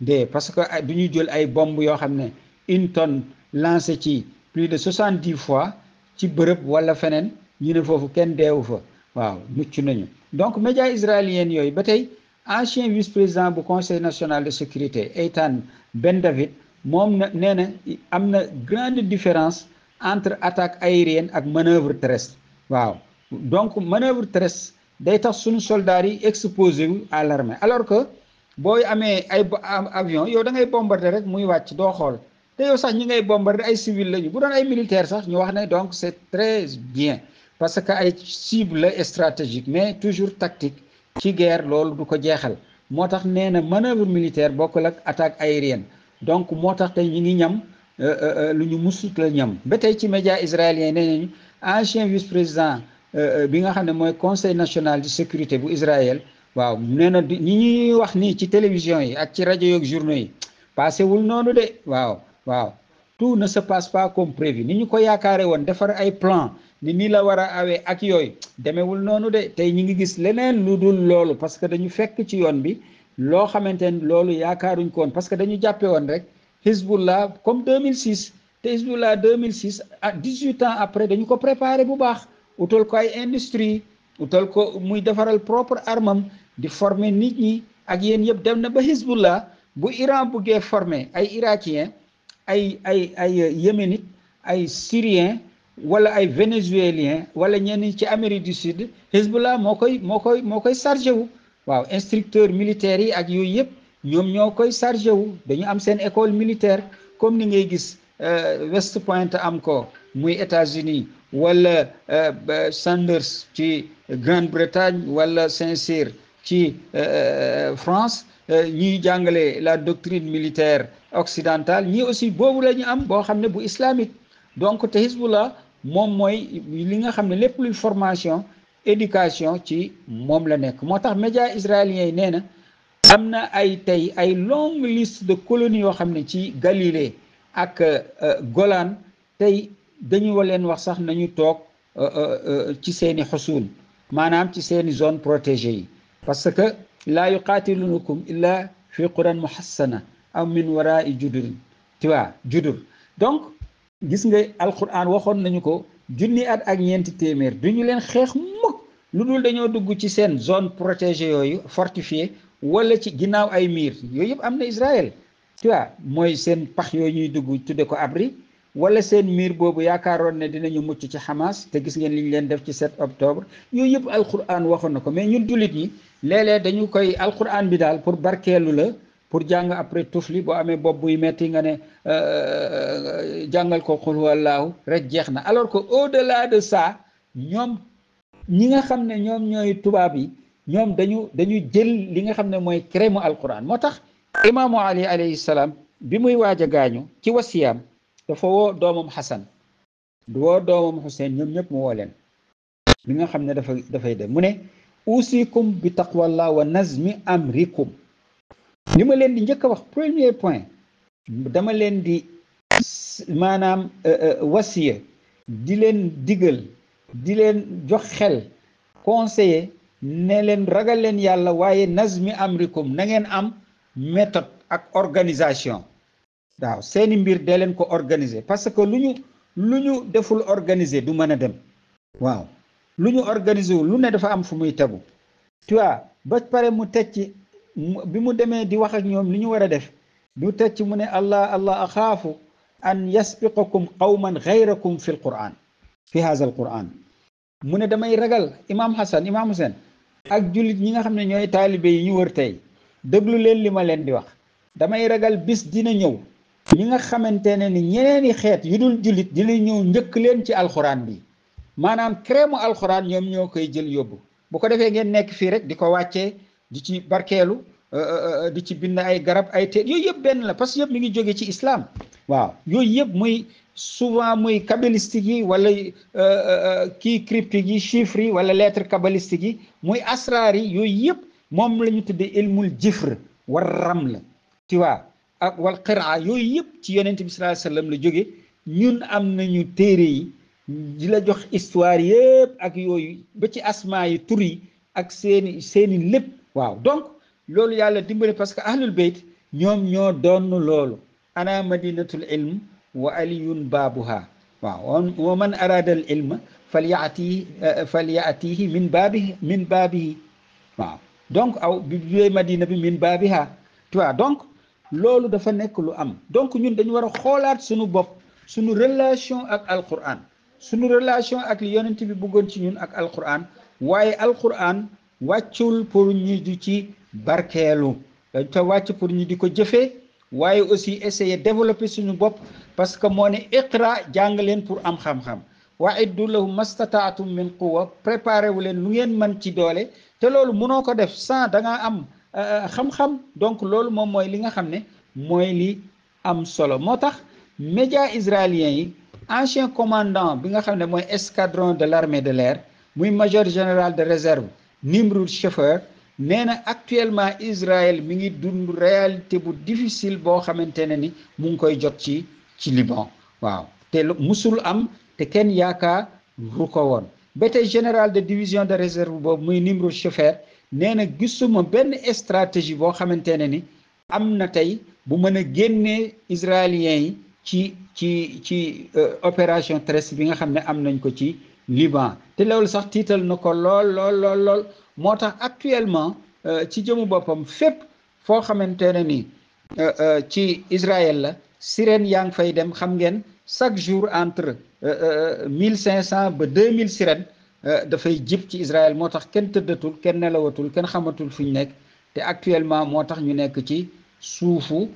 de parce que ah, du ñu jël ay bomb yoo xam ne une tonne lancé ci plus de soixante dix fois ci bërëb wala feneen ñu ne foofu kenn deewu fa waaw mucc nañu donc médias israéliens yooyu ba tey ancien vice président bu conseil national de sécurité Eitan Ben David moom na nee na am na grande différence entre attaque aérienne ak manœuvre terrestre waaw donc manœuvre terrestre day tax suñu soldats yi exposé wu à alors que boo amee ay avion yow da ngay bombarder rek muy wàcc doo xool te yow sax ñi ngay bombarder ay civil lañu bu doon ay militaire sax ñu wax ne donc c'est très bien parce que ay cible stratégique mais toujours tactique ci guerre loolu du ko jeexal moo tax nee na manœuvre militaire bokkul ak attaque aérienne donc moo tax tey ñu ngi ñam euh, euh, euh, lu ñu musut la ñam ba tey ci média israélien nee nañu ancien vice président bi nga xam ne mooy conseil national de sécurité bu Israël waaw nee na ñi ñuy wax nii ci télévision yi ak ci rajo yeeg journaux yi passé wul noonu de waaw waaw tout ne se passe pas comme prévu ni ñu ko yaakaare woon defar ay plan ni nii la war a awee ak yooyu demewul noonu de tey ñu ngi gis leneen lu dul loolu parce que dañu fekk ci yoon bi loo xamante ne loolu yaakaaruñ ko woon parce que dañu jàppe woon rek Hezbollah comme 2006 te Hezbollah 2006 ah 18 ans après dañu ko préparé bu baax utal ko ay industrie utal ko muy defaral propre armam di former nit ñi ak yéen yëpp dem na ba Hezbollah bu Iran buggee former ay irakien ay ay ay yéménite ay syrien wala ay vénézuélien wala ñenn ci Amérique du Sud Hezbollah moo koy moo koy moo koy chargé wu waaw instructeur militaire yi ak yooyu yëpp ñoom ñoo koy chargé wu dañu am seen école militaire comme ni ngay gis euh, West Point am ko muy États-Unis wala euh, Sanders ci Grande-Bretagne wala Saint-Cyr ci euh, euh, France euh, ñuy jàngale la doctrine militaire occidentale ñi aussi boobu la ñu am boo xam ne bu islamique donc te Hezbollah moom mooy li nga xam ne lépp lu formation éducation ci moom la nekk moo tax média israélien yi nee na am na ay tey ay longue liste de colonies yoo xam ne ci Galilée ak golaan tey dañu leen wax sax nañu toog ci seeni xusuun maanaam ci seeni zone protégée yi parce que laa yuqaatilunakum illa fi quran muhassana aw min warai judurin tu vois judur donc gis nga alquran waxoon nañu ko junni at ak ñeenti téeméer du ñu leen xeex mukk lu dul dañoo dugg ci seen zone protégée yooyu fortifier wala ci ginnaaw ay miir yooyu yëpp am na Israël tu mooy seen pax yooyu ñuy dugg tudde ko abri wala seen miir boobu yaakaaroon ne dinañu mucc ci Hamas te gis ngeen li ñu leen def ci 7 octobre yooyu yëpp alquran waxoon na ko mais ñun jullit ñi léeg dañu koy alquran bi daal pour barkeelu la pour jàng après tufli boo amee bopp buy metti nga ne euh, euh, jàngal ko xul wallaahu rek jeex na alors que au delà de ça ñoom ñi nga xam ne ñoom ñooy tubaab yi ñoom dañu dañu jël li nga xam ne mooy crème alquran moo tax imaamu ali alayhi salaam bi muy waaj a gaañu ci wasiyam dafa woo doomam xasan woo doomam xuseen ñoom ñëpp mu woo leen li nga xam ne dafa dafay dem mu ne usikum bi taqwallah wa nazmi amrikum li ma leen di njëkk a wax premier point dama leen di maanaam euh, euh, wasiya di leen digal di leen jox xel conseiller ne leen ragal leen yàlla waaye nazmi am na nangeen am méthode ak organisation waaw seeni mbir dee leen ko organiser parce que lu ñu lu ñu deful organiser du mën a dem waaw lu ñu organisé wu lu ne dafa am fu muy tegu tu ba pare mu teg ci bi mu demee di wax ak ñoom li ñu war a def ñu teg ci mu ne allah allah axaafu an yasbiqakum qawman gayrakum fi alquran fi haza alquran mu ne damay ragal imam hasan imam hussein ak jullit ñi nga xam ne ñooy taalibe yi ñu wër tey déglu leen li ma leen di wax damay ragal bis dina ñëw ñi nga xamante ne ni ñeneeni xeet yu dul jullit dina ñëw njëkk leen ci alquran bi maanaam crème alxuraan ñoom ñoo koy jël yóbbu bu ko defee ngeen nekk fii rek di ko wàccee di ci barkeelu euh, euh, euh, di ci bind ay garab ay teer yooyu yëpp benn la parce que yëpp mi ngi jóge ci islam waaw yooyu yëpp muy souvent muy kabbalistique yi wala kii cryptique yi chiffres wala lettre kabbalistique yi muy asraar yi yooyu yëpp moom la ñu tuddee ilmul jifr war ram la tu ak wal qiraa yooyu yëpp ci yonent bi sallallahu la jóge ñun am nañu téere yi di la jox histoire yëpp ak yooyu ba ci asmaa yi tur yi ak seeni seeni lépp waaw donc loolu yàlla dimbale parce que ahlul bayt ñoom ñoo doon loolu ana madinatul ilm wa aliyun baabuha waaw wa man arada al ilma fal eh, min baabihi donc aw bi bee madina bi min baabiha tu donc loolu dafa nekk lu am donc ñun dañu war a xoolaat suñu bopp sunu relation ak alquran suñu relation ak li yonent bi bëggoon ci ñun ak alquran waaye alquran wàccul pour ñu di ci barkeelu dañ ko wàcc pour ñu di ko jëfee waaye aussi essayer développer suñu bopp parce que moo ne iqra jàng leen pour am xam-xam wa iddu lahum mastataatum min quwa préparé wu leen lu ngeen mën ci doole te loolu mënoo ko def sans danga am euh, euh, xam-xam donc loolu moom mooy li nga xam ne mooy li am solo moo tax média israélien yi ancien commandant bi nga xam ne mooy escadron de l'armée de l'air muy major général de réserve Nimrod Cheffer nee na actuellement Israël mi ngi dund réalité bu difficile boo xamante ne ni mu ngi koy jot ci ci Liban waaw te musul am te kenn yaakaaru ko woon ba tey général de division de réserve boobu muy Nimrod Cheffer nee na gisuma benn estratégie boo xamante ne ni am na tey bu mën a génnee israéliens yi ci ci ci euh, opération terrestre bi nga xam ne am nañ ko ci Liban te loolu sax tiital na ko lool lool lool moo tax actuellement euh, ci jëmu boppam fépp foo xamante ne ni euh, ci Israël la sirène yaa ngi fay dem xam ngeen chaque jour entre mille cinq cent ba deux mille ci sirènes dafay jib ci israel moo tax kenn tëddatul kenn nelawatul kenn xamatul fi ñu nekk te actuellement moo tax ñu nekk ci suufu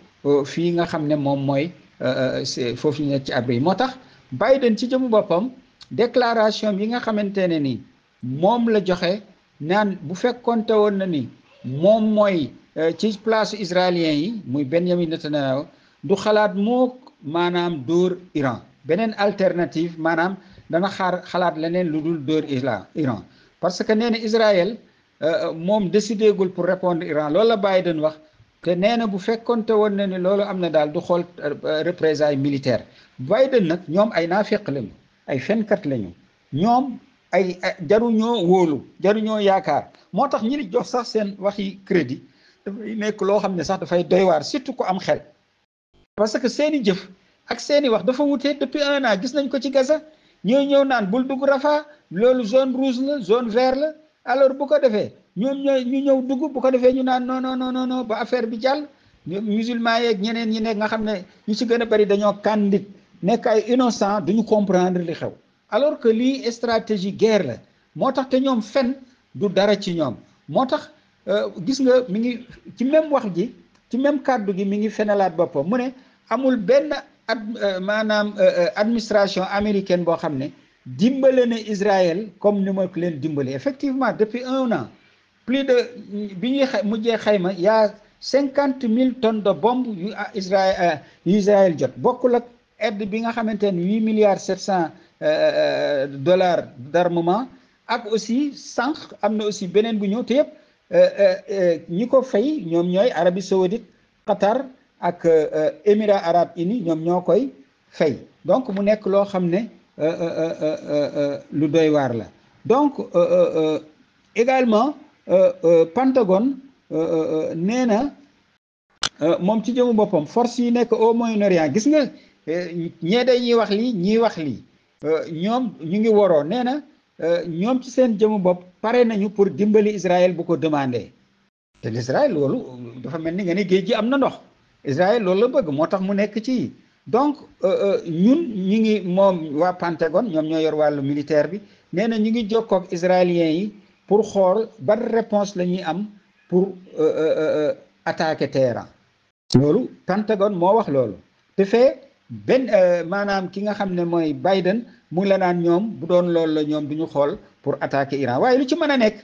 fii nga xam ne moom mooy Euh, euh, foofu ñu nekk ci abri moo tax Biden ci jëmu boppam déclaration bi nga xamante ne ni moom la joxe naan bu fekkoon te woon na ni moom mooy euh, ci place israélien yi muy Benjamin Netanyahu du xalaat mook maanaam dóor Iran beneen alternative maanaam dana xaar xalaat leneen lu dul dóor Iran parce que nee na Israël moom décidé pour répondre Iran loolu la Biden wax. te nee na bu fekkonte woon na ne loolu am na daal du xool euh, représailles militaires Biden nag ñoom ay naafeq lañu ay fenkat lañu ñoom ay jaruñoo wóolu jaruñoo yaakaar moo tax ñi jox sax seen waxi crédit nekk loo xam ne sax dafay doy waar surtout ko am xel. parce que seeni jëf ak seeni wax dafa wutee depuis un an gis nañ ko ci Gaza ñooy ñëw naan bul dugg Rafah loolu zone rouge la zone verte la alors bu ko defee. ñoom ñooy ñu ñëw dugg bu ko defee ñu naan non non non non ba affaire bi jàll ñoom musulman yeeg ñeneen ñi nekk nga xam ne ñu si gën a bari dañoo candide nekk ay innocent duñu comprendre li xew alors que lii stratégie guerre la moo tax te ñoom fen du dara ci ñoom moo tax euh, gis nga mu ngi ci même wax ji ci même kàddu gi mi ngi fenalaat boppam mu ne amul benn ad euh, maanaam euh, administration américaine boo xam ne dimbale na Israël comme ni ma leen dimbale effectivement depuis un an plus de bi ñuy mujjee xayma y a cinquante mille tonnes de bombe yu Israël yu Israël jot bokkul ak aide bi nga xamante ne huit milliards sept cent dollars d'armement ak aussi sànq am na aussi beneen bu ñëw te yëpp ñi ko fay ñoom ñooy arabi Saoudite Qatar ak Émirats arabes unis ñoom ñoo koy fay donc mu nekk loo xam ne lu doy waar la donc également Euh, euh, Pentagone euh, nee na moom ci jëmu boppam force yi nekk au Moyen-Orient gis nga eh, ñee day ñuy wax lii ñiy wax lii ñoom ñu ngi waroo nee na ñoom ci seen jëmu bopp pare nañu pour dimbali Israël bu ko demandé te Israël loolu dafa mel ni nga ne géej gi am na ndox Israël loolu la bëgg moo tax mu nekk ci donc ñun ñu ngi moom waa Pentagone ñoom ñoo yor wàllu militaire bi nee na ñu ngi jokkook ak yi. pour xool ba réponse la ñuy am pour euh, euh, euh, attaquer Téhéran loolu Pentagone moo wax loolu te fee benn maanaam ki nga xam ne mooy Biden mu la naan ñoom bu doon loolu la ñoom du ñu xool pour attaque Iran waaye lu ci mën a nekk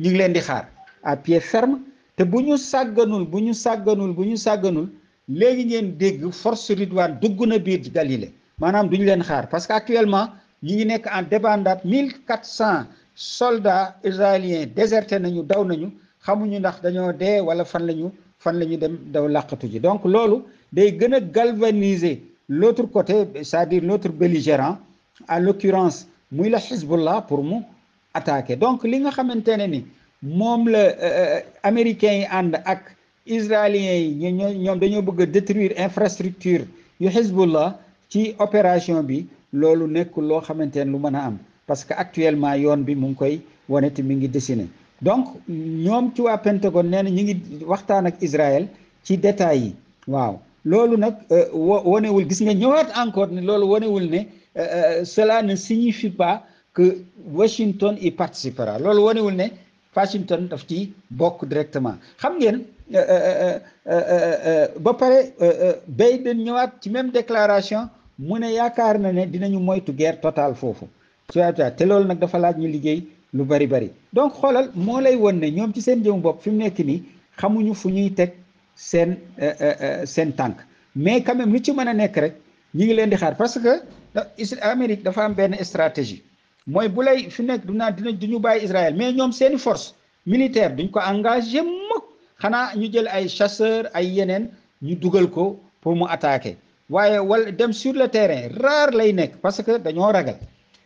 ñu ngi leen di xaar à pied ferme te bu ñu sàgganul bu ñu sàgganul bu ñu sàgganul léegi ngeen dégg force Ridwan dugg na biir Galilée maanaam duñu leen xaar parce que actuellement ñi ngi nekk en débandade mille quatre cent soldats israéliens déserté nañu daw nañu xamuñu ndax dañoo dee wala fan lañu fan la ñu dem daw làqatu ji donc loolu day gën a galvaniser l'autre côté c'est-à-dire l'autre belligérant en l'occurrence muy la Hezbollah pour mu attaquer donc li nga xamante ne ni moom la euh, euh, américains yi ànd ak israéliens yi ñoom dañoo bëgg a détruire infrastructure yu Hezbollah ci opération bi loolu nekk loo xamante ne lu mën a am parce que actuellement yoon bi mu ngi koy wane te mi ngi dessiné donc ñoom ci waa Pentagone nee na ñu ngi waxtaan ak Israël ci détails yi waaw loolu nag euh, wonewul gis nga ñëwaat encore ne loolu wonewul ne euh, euh, cela ne signifie pas que Washington y participera loolu wonewul ne Washington daf ci bokk directement xam ngeen ba pare Biden ñëwaat ci même déclaration mu ne yaakaar na ne dinañu moytu ger totale foofu su waayta te loolu nag dafa laaj ñu liggéey lu bari bari donc xoolal moo lay won ne ñoom ci seen jëmu bopp fi mu nekk nii xamuñu fu ñuy teg seen euh, euh, euh, seen tànk mais quand même lu ci mën a nekk rek ñu ngi leen di xaar parce que Amérique dafa am benn stratégie mooy bu lay fi nekk du naan dina du ñu bàyyi Israël mais ñoom seeni force militaire du duñ ko engagé mukk xanaa ñu jël ay chasseur ay yeneen ñu dugal ko pour mu attaquer waaye wala dem sur le terrain rare lay nekk parce que dañoo ragal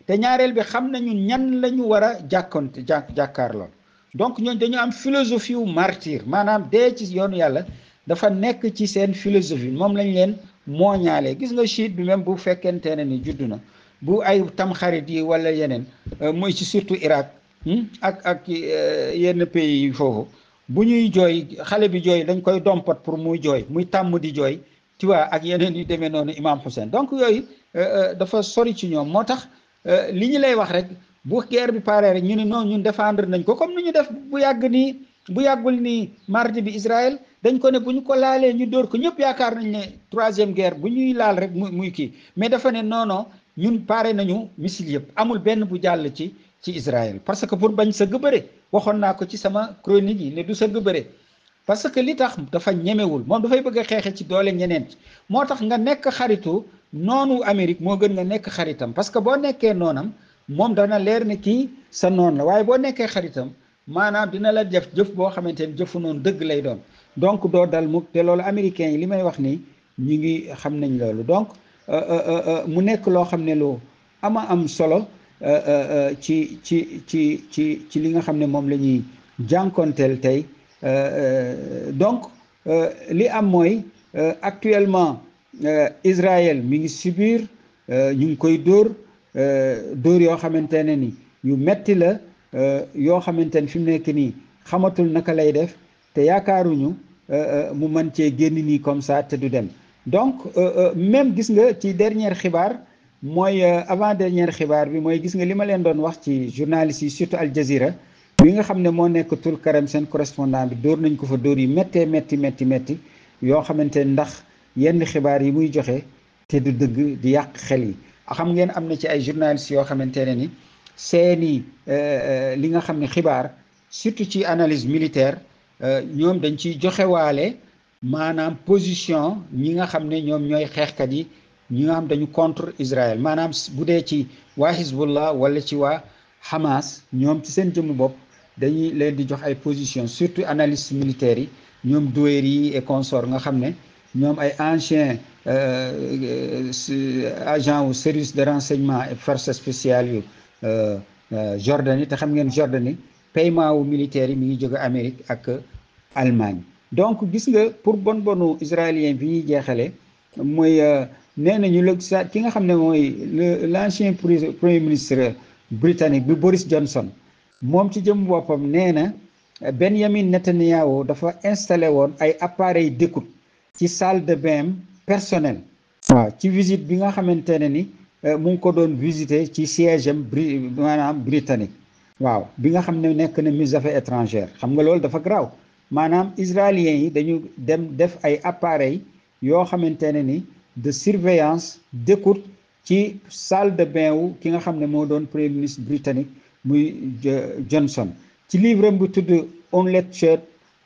te ñaareel bi xam nañu ñan la ñu war a jàkkoonte jàkkaar lool donc ñooñ dañu am philosophie wu martyr maanaam dee ci yoonu yàlla dafa nekk ci seen philosophie moom lañ leen mooñaale gis nga chiite bi même bu fekkente ne ni juddu na bu ay tamxarit yi wala yeneen euh, mooy ci surtout Irak hmm, ak ak euh, yenn yi foofu bu ñuy jooy xale bi jooy dañ koy dompat pour muy jooy muy tàmm di jooy tu vois ak yeneen yu demee noonu Imam Hussein donc yooyu euh, dafa sori ci ñoom moo tax Euh, li ñu lay wax rek bu guerre bi paree rek ñu ne non ñun défendre nañ ko comme ni ñu def bu yàgg nii bu yàggul nii mardi bi Israël dañ ko ne bu ñu ko laalee ñu dóor ko ñëpp yaakaar nañ ne troisième guerre bu ñuy laal rek muy muy kii mais dafa ne non ñun pare nañu missile yëpp amul benn bu jàll ci ci Israël parce que pour bañ sëgg bëre waxoon naa ko ci sama chronique yi ne du sëgg bëre parce que li tax dafa ñemewul moom dafay bëgg a xeexe ci doole ñeneen moo tax nga nekk xaritu noonu Amérique moo gën nga nekk xaritam parce que boo nekkee noonam moom dana leer ne kii sa noon la waaye boo nekkee xaritam maanaam dina la jëf jëf boo xamante ni jëfu noonu dëgg lay doon donc doo dal mukk loolu américains yi li may wax nii ñu ngi xam nañ loolu donc euh, euh, euh, mu nekk loo xam ne lu ama am solo ci ci ci ci ci li nga xam ne moom lañuy ñuy jànkonteel tey donc li am mooy actuellement Euh, Israël mi ngi subir euh, ñu ngi koy dóor euh, dóor yoo xamante ne ni yu metti la yoo xamante ne fi mu nekk nii xamatul naka lay def te yaakaaruñu mu mën cee génn nii comme ça te du dem donc même gis nga ci dernière xibaar mooy avant dernière xibaar bi mooy gis nga li ma leen doon wax ci journalistes yi surtout Al Jazeera bi nga xam ne moo nekkatul Tull Karam seen correspondant bi dóor nañ ko fa dóor yi méttee métti métti métti yoo xamante ndax yenn xibaar yi muy joxe te du dëgg di yàq xel yi ah, xam ngeen am na ci ay journalistes yoo xamante ne ni seeni euh, euh, li nga xam ne xibaar surtout ci analyse militaire euh, ñoom dañ ciy joxewaale maanaam position ñi nga xam ne ñoom ñooy xeexkat yi ñi nga xam dañu contre Israël maanaam bu dee ci waa Hezbollah wala ci waa Hamas ñoom ci seen jëmm bopp dañuy leen di jox ay position surtout analyste militaires yi ñoom douéri yi et consort nga xam ne ñoom ay anciens euh, euh, euh, agent wu service de renseignement et forces spéciales yu Jordanie te xam ngeen Jordanie paiement wu militaire yi mi ngi jóge Amérique ak Allemagne donc gis nga pour bon bonu israélien bi ñuy jeexale mooy nee nañu la sa ki nga xam ne mooy l' ancien premier ministre britannique bi Boris Johnson moom ci jëm boppam nee na Benjamin Netanyahu dafa installé woon ay appareil d'écoute ci salle de bain personnel waaw ci visite bi nga xamante ne ni euh, mu ngi ko doon visiter ci siège am bri maanaam britannique waaw bi nga xam ne nekk na ministre des affaires xam nga loolu dafa garaaw maanaam israéliens yi dañu dem def ay appareil yoo xamante ne ni de surveillance d'écoute ci salle de bain wu ki nga xam ne moo doon premier ministre britannique muy euh, Johnson ci livre am tudd On Let Church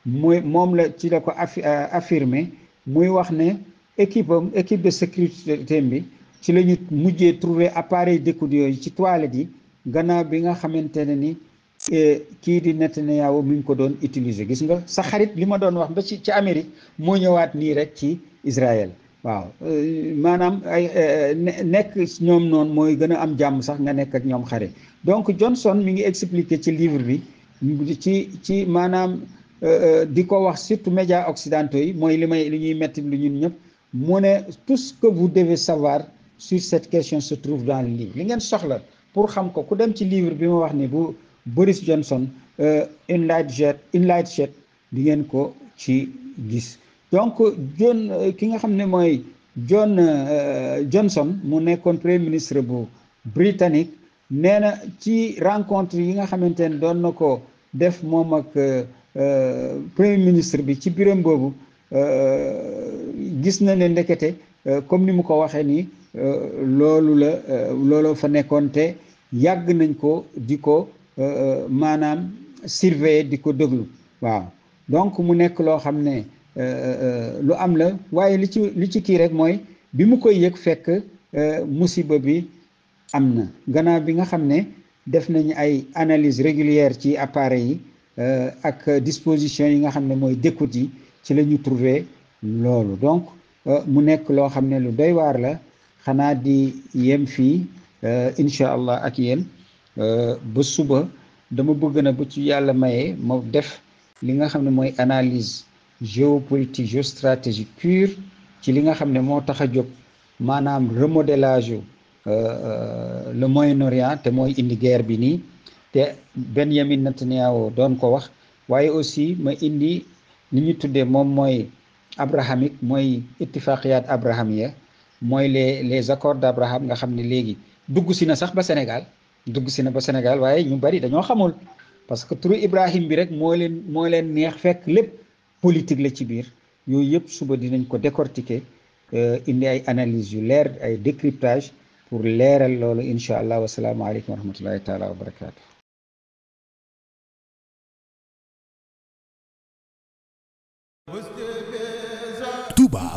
moom la ci la ko euh, affirmé muy wax ne équipe am équipe de sécurité bi ci la ñu mujjee trouver appareil d'écoute yooyu ci toilette yi gannaaw bi nga xamante ne ni eh, kii di Netanyahu mi ngi ko doon utiliser gis nga sa xarit li ma doon wax ba ci ci Amérique moo ñëwaat nii rek ci Israël waaw eh, maanaam ay eh, nekk ñoom noonu mooy gën a am jàmm sax nga nekk ak ñoom xarit donc Johnson mi ngi expliquer ci livre bi ci ci maanaam Euh, di ko wax surtout médias occidentaux yi mooy li may li ñuy metti lu ñun ñëpp mu ne tout ce que vous devez savoir sur cette question se trouve dans le livre li ngeen soxla pour xam ko ku dem ci livre bi ma wax ni bu Boris Johnson Enlightened Enlightened di ngeen ko ci gis donc John euh, ki nga xam ne mooy John euh, Johnson mu nekkoon premier ministre bu britannique nee na ci rencontre yi nga xamante ne doon na ko def moom ak Euh, premier ministre bi ci biram boobu euh, gis na ne ndekete euh, comme ni mu ko waxee nii loolu la looloo fa nekkoon te yàgg nañ ko di ko maanaam surveiller di ko déglu waaw donc mu nekk loo xam ne lu am la waaye li ci li ci kii rek mooy bi mu koy yëg fekk musiba bi am na gannaaw bi nga xam ne def nañu ay analyse régulière ci appareil yi Euh, ak disposition yi nga xam ne mooy découte yi ci lañu ñu loolu donc euh, mu nekk loo xam ne lu doy waar la xanaa di yem fii euh, incha allah ak yéen ba suba dama bëgg na bu ci yàlla mayee ma def li nga xam ne mooy analyse géopolitique géostratégique pure ci li nga xam ne moo tax a jóg maanaam remodélage le Moyen-Orient te mooy indi guerre bi nii te Benyamin wo doon ko wax waaye aussi ma indi li ñu tuddee moom mooy abrahamique mooy ittifaqiyat abrahamiya mooy les les accords d'abraham nga xam ne léegi dugg si na sax ba Sénégal dugg si na ba Sénégal waaye ñu bari dañoo xamul parce que turu Ibrahim bi rek moo leen moo leen neex fekk lépp politique la ci biir yooyu yëpp suba dinañ ko décortiquer euh, indi ay analyse yu leer ay décryptage pour leeral loolu incha allah wasalaamualeykum wa rahmatullahi taala wa barakaatu. Touba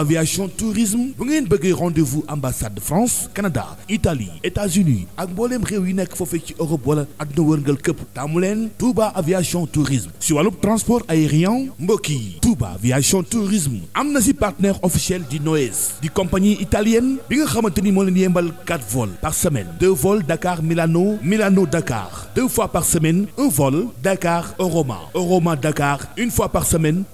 aviation tourisme bu ngeen bëggee rendez-vous ambassade de France Canada Italie États-Unis ak mbooleem réew yi nekk foofee ci Europe wala àdduna wërngal këpp taamu Touba aviation tourisme si wàllub transport aérien mbokk Touba aviation tourisme am si partenaire officiel di Noes di compagnie italienne bi nga xamante ni moo leen yembal quatre par semaine deux vols Dakar Milano Milano Dakar deux fois par semaine un vol Dakar Roma Dakar par semaine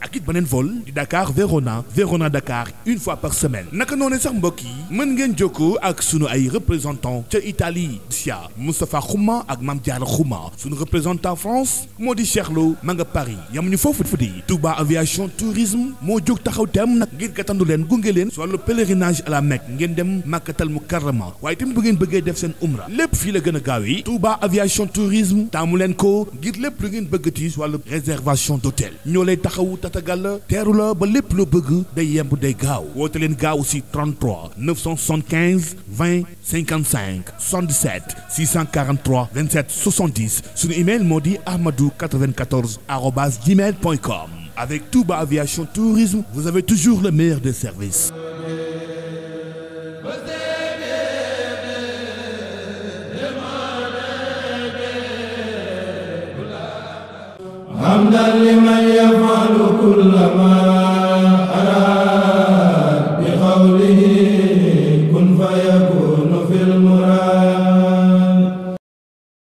vol Dakar Verona Verona Dakar une fois par semaine naka noonu sax mbokk yi mën ngeen jokkoo ak sunu ay représentant ca Italie sia Moustapha Xuma ak Mame Diarra Xuma sunu représentant France moo di Cheikh Lo ma nga Paris yamuñu foofu futi Touba aviation tourisme moo jóg taxaw teem nag ngir gàttandu leen gunge leen si wàllu pèlerinage à la Mecque ngeen dem Makkatal Mukarrama waaye tamit bu ngeen bëggee def seen umra lépp fii la gën a gaawee Touba aviation tourisme taamu leen ko ngir lépp lu ngeen bëggati si wàllu réservation d'hôtel ñoo lay taxawu tatagal teeru la ba lépp loo bëgg day yemb gaaw woote leen gaaw si 33 975 20 55 77 643 27 70 suñu email moo di ahmadou 94 arobase gmail point com avec Touba Aviation Tourisme vous avez toujours le meilleur des services. حمدا لمن يفعل كل ما